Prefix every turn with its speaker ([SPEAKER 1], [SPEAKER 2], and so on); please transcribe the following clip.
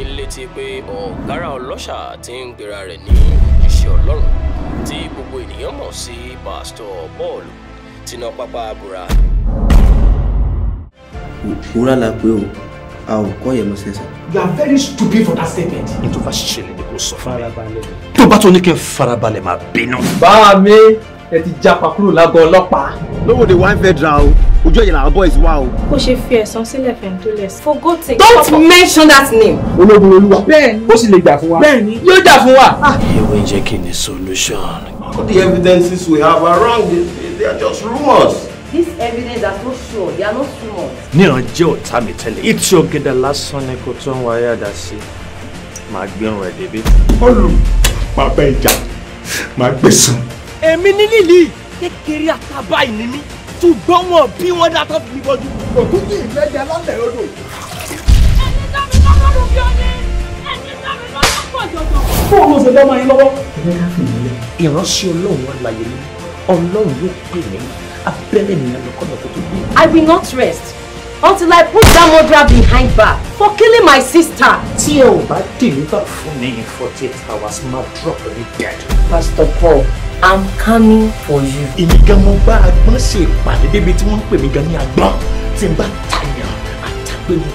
[SPEAKER 1] yín létí pé ọ̀gára ọlọ́ṣà ti ń gbéra rẹ̀ ní iṣẹ́ ọlọ́run tí gbogbo ènìyàn mọ̀ sí pásítọ̀ bọ́ọ̀lù tìǹà pápá búra. wúrà la pé o a ò kọ́ yẹn mọ́sẹ̀sẹ̀. you are very stupid for that statement. n tó bá ṣẹlẹ̀ ni kò sọ fún mi. tó bá tó ní kí n farabalẹ̀ máa bínú. bá a mi ẹ ti japa kúrò lágọ̀ọ́ ọlọ́pàá. lówóde one federal ojú ẹ̀yìn làwọn boys wá o. kò ṣe fi ẹ̀sán sílẹ̀ fẹ̀ntólẹ̀sì. for god sake. don't mention that name. ológun olúwa bẹ́ẹ̀ni ó sì lè jà fún wa. bẹ́ẹ̀ni yóò jà fún wa. Ah. ìwé jẹ́ kí ni solution. all the evidences we have are wrong they, are just rumours. This evidence are so sure, they are not small. Níran jẹ́ ọ̀tá mi tẹ́lẹ̀. Ìtì ọ̀gẹ̀dẹ̀ lásán ni kò tó ń wáyé àdá sí. Màá gbé ọ̀rọ̀ ẹ̀ débi. Olùpàbẹ̀ ìjà, màá gbé sùn èmi ní lílì kékeré àtàbà ìnímí ṣùgbọ́n wọn bí wọ́n dá tó fi bọ́jú. òtútù ìlẹ́jà lálẹ́ odò. ẹni dábì lọ́wọ́ ló bí ọdẹ ẹni dábì lọ́wọ́ pọ̀ jọjọ. fún òun ṣe lọ́mọ yín lọ́wọ́. ẹni ká fi ìmọ̀lẹ̀ ìránṣẹ́ ọlọ́run àlàyé mi ọlọ́run yóò pè mí abẹ́lẹ̀ nìyẹn lọ́kọ́dọ̀ kó tó gbé. I will not rest until I put that murderer behind bar for killing my sister. Tí ẹ ò bá deliver fún mi in forty eight hours, máa drop her dead. Pastor Paul. I'm coming for you. Èmi gan mo bá agbọ́n ṣe ìpàdé débi tí wọ́n ń pè mí gan ní agbọ́n tí n bá tàyàn àtàgbé mi.